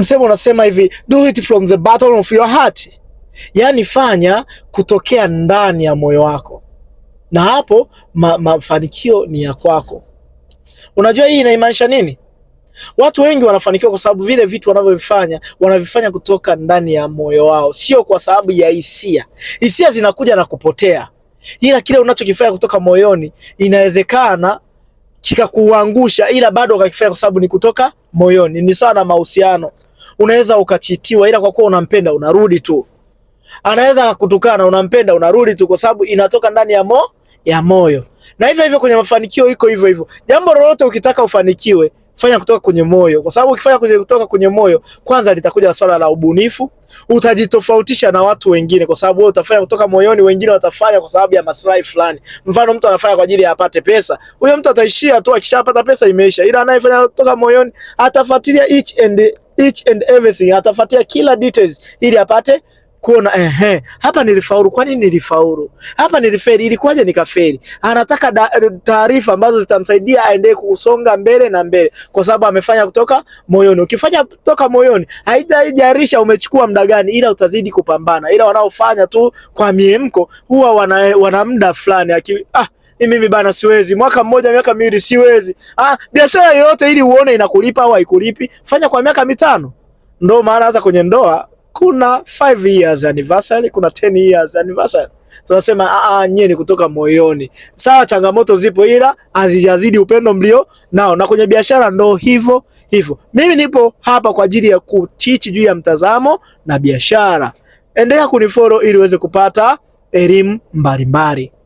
Msemo unasema hivi, do it from the bottom of your heart, yaani fanya kutokea ndani ya moyo wako, na hapo ma, ni ya kwako. Unajua hii inaimaanisha nini? Watu wengi wanafanikiwa kwa sababu vile vitu wanavyovifanya wanavifanya kutoka ndani ya moyo wao, sio kwa sababu ya hisia. Hisia zinakuja na kupotea, ila kile unachokifanya kutoka moyoni inawezekana kikakuangusha ila bado ukakifanya kwa sababu ni kutoka moyoni. Ni sawa na mahusiano unaweza ukachitiwa, ila kwa kuwa unampenda unarudi tu. Anaweza kutukana, unampenda unarudi tu, kwa sababu inatoka ndani ya mo ya moyo. Na hivyo hivyo kwenye mafanikio iko hivyo hivyo. Jambo lolote ukitaka ufanikiwe, fanya kutoka kwenye moyo, kwa sababu ukifanya kwenye kutoka kwenye moyo, kwanza litakuja swala la ubunifu, utajitofautisha na watu wengine, kwa sababu wewe utafanya kutoka moyoni, wengine watafanya kwa sababu ya maslahi fulani. Mfano, mtu anafanya kwa ajili ya apate pesa, huyo mtu ataishia tu, akishapata pesa imeisha, ila anayefanya kutoka moyoni atafuatilia each and each and everything, atafuatia kila details ili apate kuona ehe, hapa nilifaulu. Kwa nini nilifaulu? Hapa nilifeli, ilikuwaje nikafeli? Anataka taarifa ambazo zitamsaidia aendee kusonga mbele na mbele, kwa sababu amefanya kutoka moyoni. Ukifanya kutoka moyoni, haitajarisha umechukua muda gani, ila utazidi kupambana. Ila wanaofanya tu kwa miemko huwa wana, wana muda fulani ah mimi bana siwezi, mwaka mmoja, miaka miwili siwezi. Ah, biashara yoyote ili uone inakulipa au haikulipi, fanya kwa miaka mitano. Ndo maana hata kwenye ndoa kuna 5 years anniversary, kuna 10 years anniversary. Tunasema a ah, a, ah, nyie ni kutoka moyoni. Sawa, changamoto zipo, ila hazijazidi upendo mlio nao, na kwenye biashara ndo hivyo hivyo. Mimi nipo hapa kwa ajili ya kutichi juu ya mtazamo na biashara. Endelea kunifollow ili uweze kupata elimu mbalimbali.